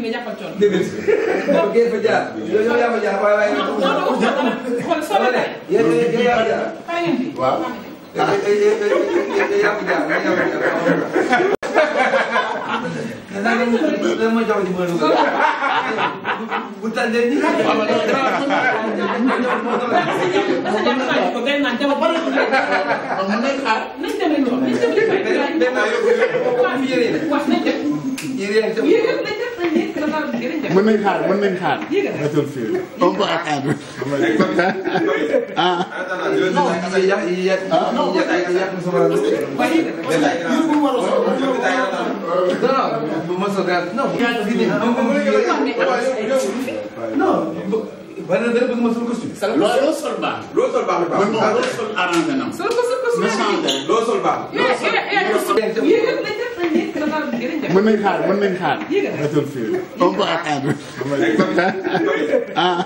dina jàppal coono. dëgg la bu dee fa jaar. yow yow yaa fa jaar waaye waaye. non non non xool soo ko dee. yow yow yaa fa jaar. xale ngeen fi. waaw. ah yow yaa fa jaar yow yaa fa jaar. danaa dem ma jox li ma doon. bu tànnee nii. waaw waaw waaw. ko benn naan jabar ba la ko xaar. nañ dem li ñu wax nañ dem li ñu wax. mën nañ xaar mën nañ xaar. on peut attendre. ah. non wala dara bëgg ma sol costume. loo sol baax. loo sol baax la baax. loo sol arrangé na. sol ko sol costume. loo sol baax. mën nañ xaar mën nañ xaar. on peut attendre. ah.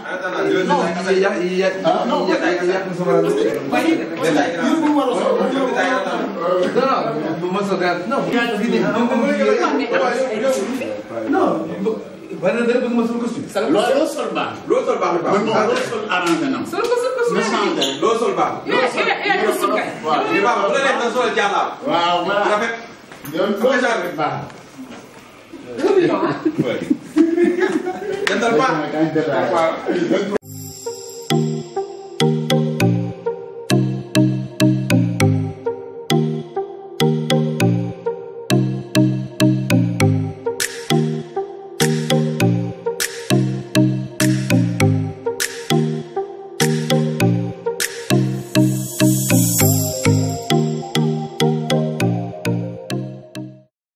wala dara bëgg ma sol costume. loo sol baax. loo sol baax la baax. loo sol arrangé na. sol ko sol costume loo sol baax. loo sol baax. loo sol baax. waaw bu la neex na sol jàllaa. waaw rafet. sama genre bi baax na. dëgg la.